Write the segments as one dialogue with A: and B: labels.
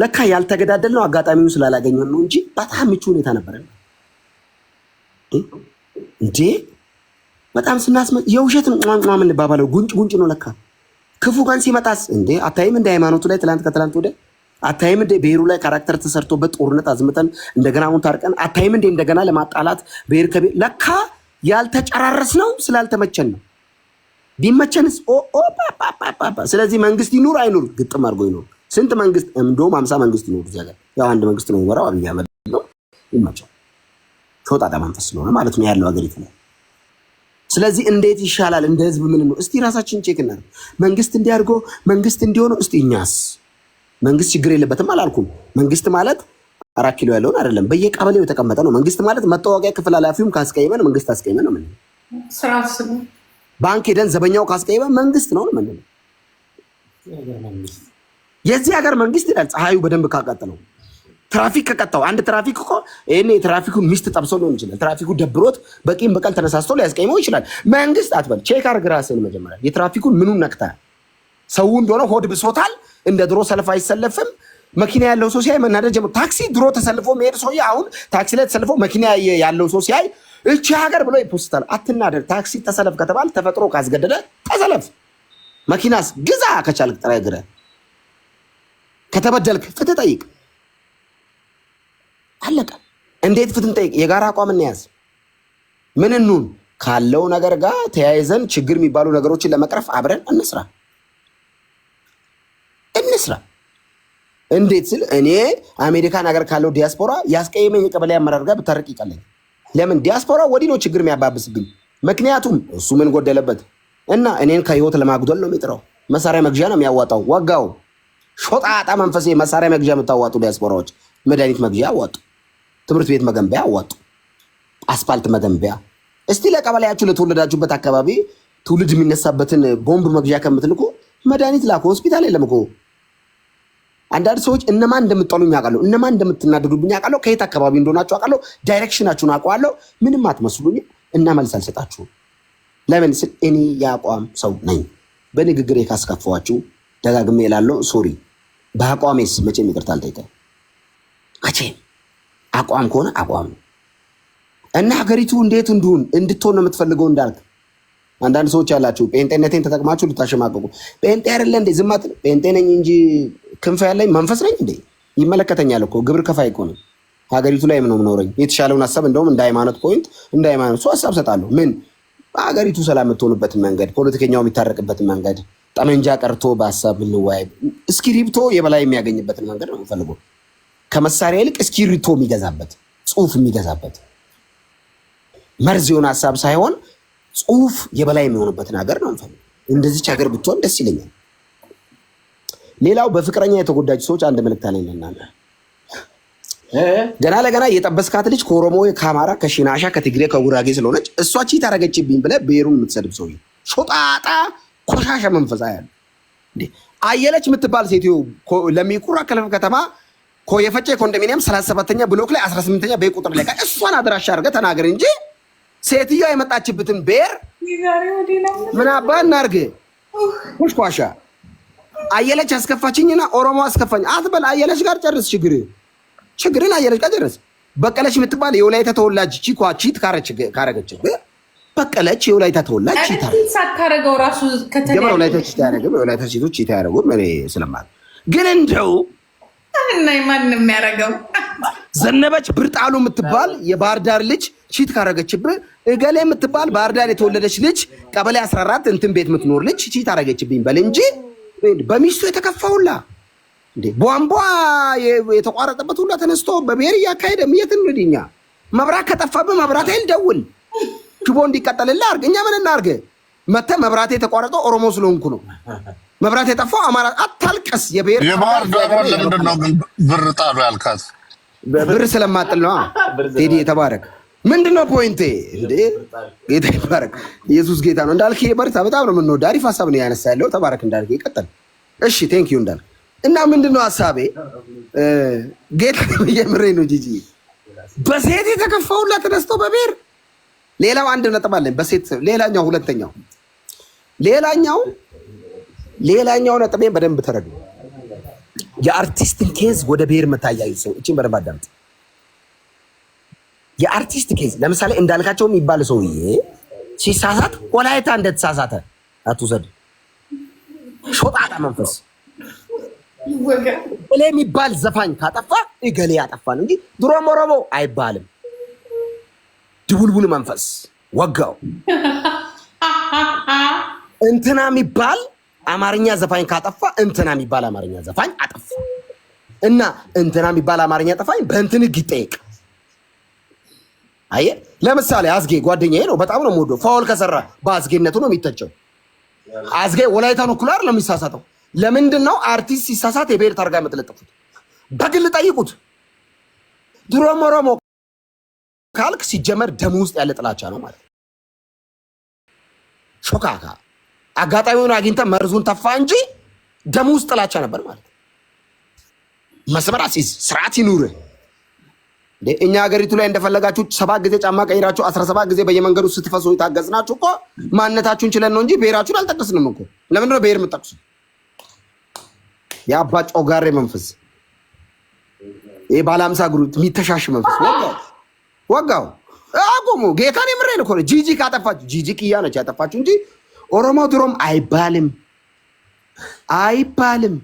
A: ለካ ያልተገዳደል ነው አጋጣሚውን ስላላገኘን ነው እንጂ በጣም ምቹ ሁኔታ ነበረ። እንዴ በጣም ስናስመ የውሸት ቋንቋ የምንባባለው ጉንጭ ጉንጭ ነው ለካ። ክፉ ቀን ሲመጣስ እንዴ አታይም? እንደ ሃይማኖቱ ላይ ትላንት ከትላንት ወደ አታይም እንደ ብሔሩ ላይ ካራክተር ተሰርቶበት ጦርነት አዝምተን እንደገና አሁን ታርቀን አታይም እንደ እንደገና ለማጣላት ብሔር ከብሔር ለካ ያልተጨራረስ ነው ስላልተመቸን ነው። ቢመቸንስ ኦ ኦ ፓ ፓ ፓ ስለዚህ መንግስት ይኑር አይኑር ግጥም አድርጎ ይኑር። ስንት መንግስት እንደውም ሀምሳ መንግስት ይኖሩ እዚህ ያው አንድ መንግስት ነው ወራው አብይ አህመድ ነው ይመቸው ሾጣጣ መንፈስ ስለሆነ ማለት ነው ያለው ሀገሪቱ ነው። ስለዚህ እንዴት ይሻላል እንደ ህዝብ ምን ነው እስቲ ራሳችን ቼክ እናደርግ መንግስት እንዲያድርጎ መንግስት እንዲሆነው እስቲ እኛስ መንግስት ችግር የለበትም አላልኩም። መንግስት ማለት አራት ኪሎ ያለውን አይደለም በየቀበሌው የተቀመጠ ነው። መንግስት ማለት መታወቂያ ክፍል ኃላፊውም ካስቀይመን መንግስት አስቀይመን ነው የምንለው። ባንክ ሄደን ዘበኛው ካስቀይመን መንግስት ነው ነው የዚህ ሀገር መንግስት ይላል ፀሐዩ በደንብ ካቀጥለው ትራፊክ ከቀጣው አንድ ትራፊክ እኮ ይሄኔ የትራፊኩ ሚስት ጠብሶ ሊሆን ይችላል። ትራፊኩ ደብሮት በቂም በቀል ተነሳስቶ ሊያስቀይመው ይችላል። መንግስት አትበል፣ ቼክ አድርግ ራስን መጀመሪያ። የትራፊኩን ምኑን ነክታ ሰው እንደሆነ ሆድ ብሶታል። እንደ ድሮ ሰልፍ አይሰለፍም። መኪና ያለው ሰው ሲያይ መናደድ ጀምሮ፣ ታክሲ ድሮ ተሰልፎ መሄድ ሰው አሁን ታክሲ ላይ ተሰልፎ መኪና ያለው ሰው ሲያይ እቺ ሀገር ብሎ ይፖስታል። አትናደር። ታክሲ ተሰለፍ ከተባል ተፈጥሮ ካስገደደ ተሰለፍ። መኪናስ ግዛ ከቻልክ ጥራ ከተበደልክ ፍትህ ጠይቅ። አለቀ። እንዴት ፍትህ ጠይቅ? የጋራ አቋም እንያዝ። ምን እንሁን ካለው ነገር ጋር ተያይዘን ችግር የሚባሉ ነገሮችን ለመቅረፍ አብረን እንስራ እንስራ። እንዴት ስል እኔ አሜሪካን ሀገር ካለው ዲያስፖራ ያስቀየመኝ የቀበሌ አመራር ጋር ብታረቅ ይቀለኝ። ለምን ዲያስፖራ ወዲህ ነው ችግር የሚያባብስብኝ። ምክንያቱም እሱ ምን ጎደለበት እና እኔን ከህይወት ለማጉደል ነው የሚጥረው። መሳሪያ መግዣ ነው የሚያዋጣው። ወጋው ሾጣጣ መንፈስ መሳሪያ መግዣ የምታዋጡ ዲያስፖራዎች መድኃኒት መግዣ አዋጡ፣ ትምህርት ቤት መገንቢያ አዋጡ፣ አስፋልት መገንቢያ። እስቲ ለቀበሌያችሁ ለተወለዳችሁበት አካባቢ ትውልድ የሚነሳበትን ቦምብ መግዣ ከምትልኩ መድኃኒት ላኩ። ሆስፒታል የለም እኮ አንዳንድ ሰዎች እነማን እንደምትጠሉኝ አውቃለሁ፣ እነማን እንደምትናደዱብኝ አውቃለሁ፣ ከየት አካባቢ እንደሆናችሁ አውቃለሁ፣ ዳይሬክሽናችሁን አውቀዋለሁ። ምንም አትመስሉኝ እና መልስ አልሰጣችሁም። ለምን ስል እኔ የአቋም ሰው ነኝ። በንግግር ካስከፋኋችሁ ደጋግሜ እላለሁ ሶሪ። በአቋሜስ መቼም ይቅርታ አልጠይቀኝ። መቼም አቋም ከሆነ አቋም ነው እና ሀገሪቱ እንዴት እንዲሁን እንድትሆን ነው የምትፈልገው እንዳልክ አንዳንድ ሰዎች ያላችሁ ጴንጤነቴን ተጠቅማችሁ ልታሸማቀቁ ጴንጤ አይደለ እንዴ? ዝማት ጴንጤ ነኝ እንጂ ክንፍ ያለኝ መንፈስ ነኝ እንዴ? ይመለከተኛል እኮ ግብር ከፋይ እኮ ነው። ሀገሪቱ ላይ ምነው ምኖረኝ የተሻለውን ሀሳብ እንደውም እንደ ሃይማኖት ፖይንት እንደ ሃይማኖት ሰው ሀሳብ ሰጣለሁ። ምን ሀገሪቱ ሰላም የምትሆንበትን መንገድ፣ ፖለቲከኛው የሚታረቅበትን መንገድ ጠመንጃ ቀርቶ በሀሳብ የምንወያይ እስክሪብቶ የበላይ የሚያገኝበትን መንገድ ነው የምፈልገው። ከመሳሪያ ይልቅ እስክሪብቶ የሚገዛበት ጽሁፍ የሚገዛበት መርዝ የሆነ ሀሳብ ሳይሆን ጽሁፍ የበላይ የሚሆንበትን ሀገር ነው የምፈልገው። እንደዚች ሀገር ብትሆን ደስ ይለኛል። ሌላው በፍቅረኛ የተጎዳጅ ሰዎች አንድ መልእክት አለኝ ለእናንተ። ገና ለገና የጠበስካት ልጅ ከኦሮሞ፣ ከአማራ፣ ከሽናሻ፣ ከትግሬ፣ ከጉራጌ ስለሆነች እሷች ታረገችብኝ አደረገችብኝ ብለህ ብሔሩን የምትሰድብ ሰውዬ ሾጣጣ ቆሻሻ መንፈሳ ያለ አየለች የምትባል ሴትዮ ለሚኩራ ክልል ከተማ የፈጨ ኮንዶሚኒየም ሰላሳ ሰባተኛ ብሎክ ላይ አስራ ስምንተኛ በይ ቁጥር ላይ እሷን አድራሻ አድርገህ ተናገር እንጂ ሴትዮ የመጣችበትን ብሔር ምን አባህ እናድርግ? ቆሻሻ አየለች አስከፋችኝና ኦሮሞ አስከፋኝ አትበል። አየለች ጋር ጨርስ ችግር ችግርን አየለች ጋር ጨርስ። በቀለች የምትባል የወላይታ ተወላጅ ቺኳ ቺት ካረገች በቀለች የወላይታ ተወላጅ
B: ሳታረገው ራሱ
A: ወላይታ ያደረገ ወላይታ ሴቶች የተያደረጉ ስለማል ግን እንደው
B: ማንም ያደረገው
A: ዘነበች ብርጣሉ የምትባል የባህር ዳር ልጅ ቺት ካረገችብህ፣ እገሌ የምትባል ባህር ዳር የተወለደች ልጅ ቀበሌ 14 እንትን ቤት የምትኖር ልጅ ቺት አረገችብኝ በል እንጂ በሚስቱ የተከፋውላ እንዴ ቧንቧ የተቋረጠበት ሁላ ተነስቶ በብሔር እያካሄደ የት እንሂድ እኛ መብራት ከጠፋብህ መብራት አይል ደውል ግቦ እንዲቀጠልልህ አድርግ። እኛ ምን እናድርግ? መተህ መብራት የተቋረጠው ኦሮሞ ስለሆንኩ ነው። መብራት የጠፋው አማራ። አታልቀስ። የብሔር
C: የባህር ዳር ለምንድን ነው ብር ጣሉ ያልካት?
A: ብር ስለማጥል ነው። ቴዲ የተባረክ ምንድን ነው ፖይንቴ? ጌታ ይባረክ። ኢየሱስ ጌታ ነው። እንዳልክ በርታ። በጣም ነው የምንወደው። አሪፍ ሀሳብ ነው ያነሳ ያለው። ተባረክ እንዳልክ ይቀጥል። እሺ ቴንክ ዩ እንዳልክ እና ምንድን ነው ሀሳቤ? ጌታ የምሬ ነው። ጂጂ በሴት የተከፋ ሁላ ተነስተው በብሔር ሌላው አንድ ነጥብ አለኝ በሴት ሌላኛው ሁለተኛው ሌላኛው ሌላኛው ነጥቤን በደንብ ተረዱ። የአርቲስትን ኬዝ ወደ ብሔር መታያዩ ሰው እቺን በደንብ አዳምጥ። የአርቲስት ኬዝ ለምሳሌ እንዳልካቸው የሚባል ሰውዬ ሲሳሳት ወላይታ እንደተሳሳተ አትውሰድ። ሾጣጣ መንፈስ እሌ የሚባል ዘፋኝ ካጠፋ እገሌ ያጠፋል እንጂ ድሮም ኦሮሞ አይባልም። ድቡልቡል መንፈስ ወጋው። እንትና የሚባል አማርኛ ዘፋኝ ካጠፋ እንትና የሚባል አማርኛ ዘፋኝ አጠፋ እና እንትና የሚባል አማርኛ ጠፋኝ በእንትን ህግ ይጠየቅ። አየ ለምሳሌ አዝጌ ጓደኛዬ ነው፣ በጣም ነው የምወደው። ፋውል ከሰራ በአዝጌነቱ ነው የሚተቸው። አዝጌ ወላይታን እኩል አይደለም የሚሳሳተው። ለምንድን ነው አርቲስት ሲሳሳት የብሔር ታርጋ የምትለጥፉት? በግል ጠይቁት። ድሮም ኦሮሞ ካልክ ሲጀመር ደም ውስጥ ያለ ጥላቻ ነው ማለት ሾካካ አጋጣሚውን አግኝተ መርዙን ተፋ እንጂ ደም ውስጥ ጥላቻ ነበር ማለት መስመር አስይዝ፣ ስርዓት ይኑር እኛ ሀገሪቱ ላይ እንደፈለጋችሁ ሰባት ጊዜ ጫማ ቀይራችሁ አስራ ሰባት ጊዜ በየመንገዱ ስትፈሱ የታገጽናችሁ እኮ ማንነታችሁን ችለን ነው እንጂ ብሔራችሁን አልጠቀስንም እኮ። ለምንድን ነው ብሔር የምጠቅሱ? የአባ ጮጋሬ መንፈስ፣ ይህ ባለ አምሳ ጉሩ የሚተሻሽ መንፈስ ወጋው አቁሙ። ጌታን የምሬን እኮ ነው። ጂጂ ካጠፋችሁ ጂጂ ኪያ ነች ያጠፋችሁ እንጂ ኦሮሞ ድሮም አይባልም አይባልም።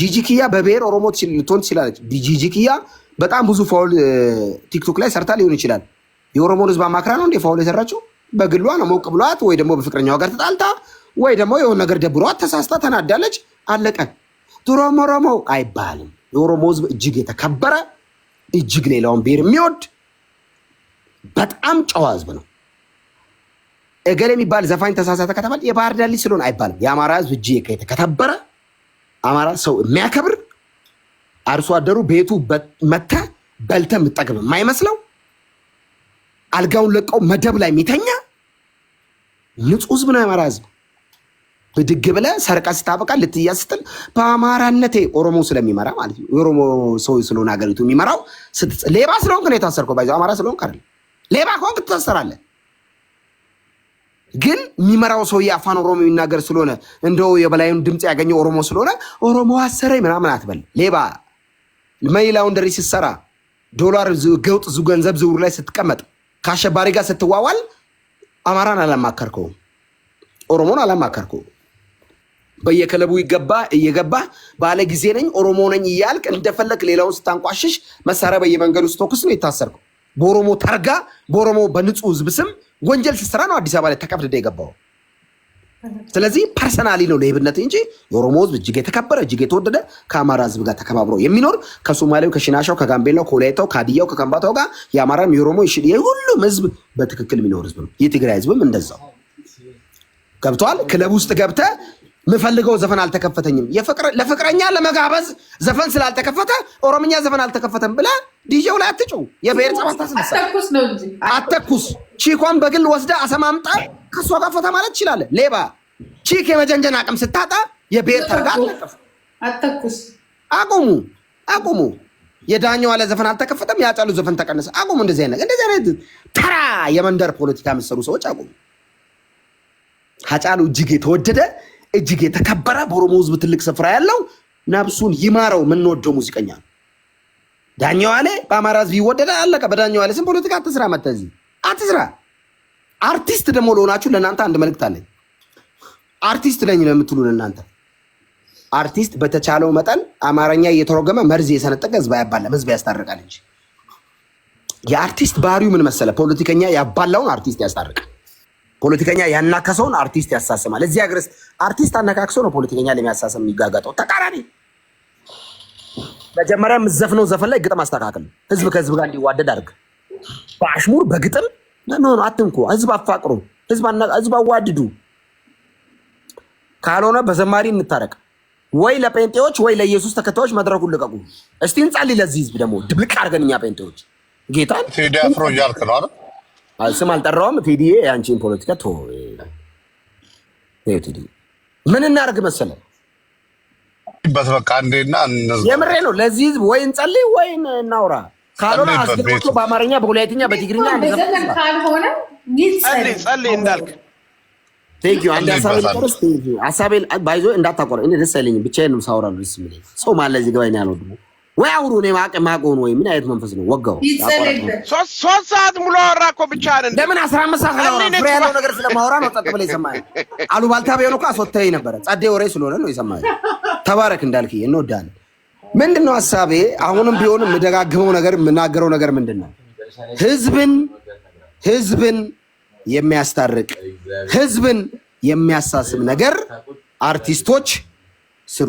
A: ጂጂ ኪያ በብሔር ኦሮሞ ልትሆን ትችላለች። ጂጂ ኪያ በጣም ብዙ ፋውል ቲክቶክ ላይ ሰርታ ሊሆን ይችላል። የኦሮሞን ህዝብ አማክራ ነው እንዴ ፋውል የሰራችው? በግሏ ነው ሞቅ ብሏት፣ ወይ ደግሞ በፍቅረኛው ጋር ተጣልታ፣ ወይ ደግሞ የሆነ ነገር ደብሯት ተሳስታ ተናዳለች። አለቀ። ድሮም ኦሮሞ አይባልም። የኦሮሞ ህዝብ እጅግ የተከበረ እጅግ ሌላውን ብሔር የሚወድ በጣም ጨዋ ህዝብ ነው። እገሌ የሚባል ዘፋኝ ተሳሳተ ከተባል የባህር ዳር ልጅ ስለሆነ አይባልም። የአማራ ህዝብ እጅግ የተከበረ አማራ ሰው የሚያከብር አርሶ አደሩ ቤቱ መተ በልተ የምጠግብ የማይመስለው አልጋውን ለቀው መደብ ላይ የሚተኛ ንጹህ ህዝብ ነው የአማራ ህዝብ። ብድግ ብለ ሰርቀ ስታበቃ ልትያ ስትል በአማራነቴ ኦሮሞ ስለሚመራ ማለት ነው። የኦሮሞ ሰው ስለሆነ ሀገሪቱ የሚመራው ሌባ ስለሆንክ ነው የታሰርከው። ባይዘ አማራ ስለሆንክ አይደለም። ሌባ ከሆንክ ትታሰራለህ። ግን የሚመራው ሰው የአፋን ኦሮሞ የሚናገር ስለሆነ እንደው የበላዩን ድምፅ ያገኘው ኦሮሞ ስለሆነ ኦሮሞ አሰረኝ ምናምን አትበል። ሌባ መይላውንደሪ ስትሰራ፣ ዶላር ገውጥ ዙ ገንዘብ ዝውውር ላይ ስትቀመጥ፣ ከአሸባሪ ጋር ስትዋዋል አማራን አላማከርከውም፣ ኦሮሞን አላማከርከውም። በየክለቡ ይገባ እየገባ ባለ ጊዜ ነኝ ኦሮሞ ነኝ እያልክ እንደፈለክ ሌላውን ስታንቋሽሽ መሳሪያ በየመንገዱ ስትተኩስ ነው የታሰርከው። በኦሮሞ ታርጋ በኦሮሞ በንጹህ ህዝብ ስም ወንጀል ስትሰራ ነው አዲስ አበባ ላይ ተቀብድደ የገባው። ስለዚህ ፐርሰናሊ ነው ለህብነት እንጂ የኦሮሞ ህዝብ እጅግ የተከበረ እጅግ የተወደደ ከአማራ ህዝብ ጋር ተከባብሮ የሚኖር ከሶማሌው፣ ከሽናሻው፣ ከጋምቤላው፣ ከወላይታው፣ ከሀዲያው፣ ከከምባታው ጋር የአማራም የኦሮሞ የሁሉም ህዝብ በትክክል የሚኖር ህዝብ ነው። የትግራይ ህዝብም እንደዛው ገብተዋል። ክለብ ውስጥ ገብተ ምፈልገው ዘፈን አልተከፈተኝም። ለፍቅረኛ ለመጋበዝ ዘፈን ስላልተከፈተ ኦሮምኛ ዘፈን አልተከፈተም ብለ ዲጄው ላይ አትጩ የብሔር
B: ጸብ
A: ቺኳን በግል ወስደ አሰማምጣ ከሷ ጋር ፎታ ማለት ይችላለ። ሌባ ቺክ የመጀንጀን አቅም ስታጣ የብሔር ተርጋ አተኩስ። አቁሙ፣ አቁሙ። የዳኛዋ ላይ ዘፈን አልተከፈተም። ያጫሉ ዘፈን ተቀነሰ። አቁሙ። እንደዚህ አይነት እንደዚህ አይነት ተራ የመንደር ፖለቲካ የምትሰሩ ሰዎች አቁሙ። ሀጫሉ እጅግ የተወደደ እጅግ የተከበረ በኦሮሞ ህዝብ ትልቅ ስፍራ ያለው ነብሱን ይማረው የምንወደው ሙዚቀኛ ነው። ዳኛው አለ በአማራ ህዝብ ይወደዳል። አለቀ። በዳኛው አለ ስም ፖለቲካ አትስራ፣ መተህ እዚህ አትስራ። አርቲስት ደግሞ ለሆናችሁ ለእናንተ አንድ መልእክት አለኝ። አርቲስት ነኝ ነው የምትሉ ለእናንተ አርቲስት በተቻለው መጠን አማርኛ እየተረገመ መርዝ የሰነጠቀ ህዝብ አያባለም፣ ህዝብ ያስታርቃል እንጂ የአርቲስት ባህሪው ምን መሰለ? ፖለቲከኛ ያባላውን አርቲስት ያስታርቃል። ፖለቲከኛ ያናከሰውን አርቲስት ያሳስማል። እዚህ ሀገርስ አርቲስት አነካክሰው ነው ፖለቲከኛ ለሚያሳስም የሚጋጋጠው። ተቃራኒ መጀመሪያ የምትዘፍነው ዘፈን ላይ ግጥም አስተካክል። ህዝብ ከህዝብ ጋር እንዲዋደድ አድርግ። በአሽሙር በግጥም ሆነ አትንኩ። ህዝብ አፋቅሩ፣ ህዝብ አዋድዱ። ካልሆነ በዘማሪ እንታረቅ። ወይ ለጴንጤዎች ወይ ለኢየሱስ ተከታዮች መድረኩን ልቀቁ። እስቲ እንጸልይ ለዚህ ህዝብ ደግሞ ድብልቅ አድርገን እኛ ጴንጤዎች ጌታን
C: ቴዲ አፍሮ እያልክ ነው አይደል?
A: ስም አልጠራውም። ቴዲዬ የአንቺን ፖለቲካ ቶ ቴዲ ምን እናደርግ መሰለ በቃ የምሬ ነው። ለዚህ ህዝብ ወይ እንጸልይ ወይ እናውራ። ካልሆነ አስገቦቶ በአማርኛ በሁለተኛ በትግርኛ
B: ካልሆነ
C: ጸልይ እንዳልክ
A: ሀሳቤ ባይዞ እንዳታቆረ እኔ ደስ አይለኝም። ብቻዬን ነው ሳወራ ደስ ሰው ማለ ዚህ ገባኝ ያለው ደግሞ ወይ አውሩ። እኔ ማቀ ማቆን ወይ ምን አይነት መንፈስ ነው? ወጋው
C: ሶስት ሰዓት ሙሉ አወራ እኮ ብቻ አይደለም።
A: ለምን 15 ሰዓት ነው? ፍሬ ያለው ነገር ስለማወራ ነው። ጸጥ ብለህ ይሰማል። አሉባልታ ቢሆን እኮ አስወተኸኝ ነበረ። ጸዴ ወሬ ስለሆነ ነው ይሰማል። ተባረክ እንዳልክ እንወዳለን። ምንድን ነው ሀሳቤ? አሁንም ቢሆን የምደጋግመው ነገር የምናገረው ነገር ምንድን ነው? ህዝብን ህዝብን የሚያስታርቅ ህዝብን የሚያሳስብ ነገር አርቲስቶች ስሩ።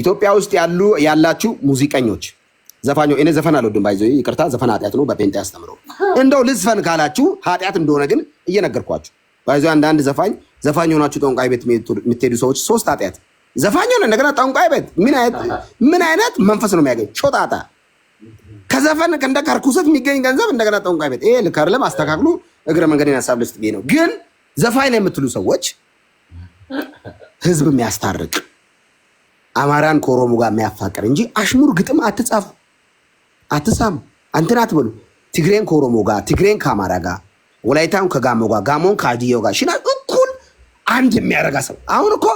A: ኢትዮጵያ ውስጥ ያሉ ያላችሁ ሙዚቀኞች፣ ዘፋኞ እኔ ዘፈን አልወድም፣ ባይዘ ይቅርታ፣ ዘፈን ኃጢአት ነው በጴንጤ ያስተምረው እንደው ልዝፈን ካላችሁ ኃጢአት እንደሆነ ግን እየነገርኳችሁ ባይዘ አንዳንድ ዘፋኝ ዘፋኝ የሆናችሁ ጠንቋይ ቤት የምትሄዱ ሰዎች ሶስት ኃጢአት ዘፋኝ ሆነ እንደገና ጠንቋይ ቤት ምን አይነት መንፈስ ነው የሚያገኝ? ጮጣጣ ከዘፈን እንደ ከርኩሰት የሚገኝ ገንዘብ እንደገና ጠንቋይ ቤት ይሄ ልከርልም አስተካክሉ። እግረ መንገድን ሀሳብ ልስጥ ነው። ግን ዘፋኝ ነው የምትሉ ሰዎች ህዝብ የሚያስታርቅ አማራን ከኦሮሞ ጋር የሚያፋቅር እንጂ አሽሙር ግጥም አትጻፉ፣ አትሳሙ፣ አንተን አትበሉ። ትግሬን ከኦሮሞ ጋር፣ ትግሬን ከአማራ ጋር፣ ወላይታን ከጋሞ ጋር፣ ጋሞን ከአድዮ ጋር ሽና እኩል አንድ የሚያደርጋ ሰው አሁን እኮ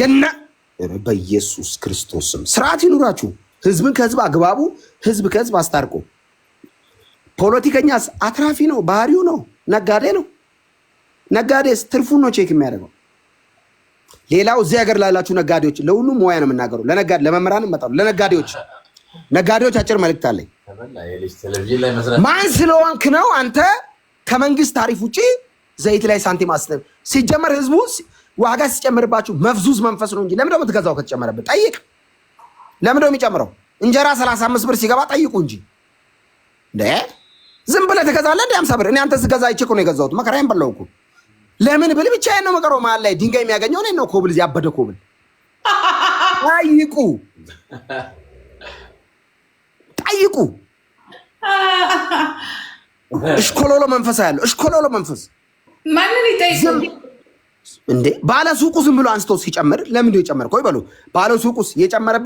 A: የና በኢየሱስ ክርስቶስም ስርዓት ይኑራችሁ። ህዝብን ከህዝብ አግባቡ፣ ህዝብ ከህዝብ አስታርቁ። ፖለቲከኛስ አትራፊ ነው፣ ባህሪው ነው፣ ነጋዴ ነው። ነጋዴስ ትርፉን ነው ቼክ የሚያደርገው። ሌላው እዚህ ሀገር ላላችሁ ነጋዴዎች፣ ለሁሉም ሙያ ነው የምናገሩ። ለነጋዴ ለመምህራንም መጣሁ። ለነጋዴዎች ነጋዴዎች አጭር መልእክት አለኝ። ማን ስለሆንክ ነው አንተ ከመንግስት ታሪፍ ውጪ ዘይት ላይ ሳንቲም አስተብ? ሲጀመር ህዝቡ ዋጋ ሲጨምርባችሁ መፍዙዝ መንፈስ ነው እንጂ ለምን ደሞ ትገዛው? ከተጨመረበት ጠይቅ። ለምን የሚጨምረው እንጀራ 35 ብር ሲገባ ጠይቁ እንጂ ዝም ብለህ ትገዛለህ? እንደ 50 ብር እኔ አንተ ስገዛ አይቼ እኮ ነው የገዛሁት። መከራዬን በላሁ እኮ ለምን ብል ብቻዬን ነው መቀረው። መሀል ላይ ድንጋይ የሚያገኘው እኔ ነው። ኮብል ያበደ ኮብል ጠይቁ ጠይቁ። እሽኮሎሎ መንፈስ ያለው እሽኮሎሎ መንፈስ
B: ማንን ይጠይቁ
A: እንዴ? ባለ ሱቁ ዝም ብሎ አንስቶ ሲጨምር ለምንድን ነው የጨመርከው ይበሉ። ባለ ሱቁስ የጨመረብኝ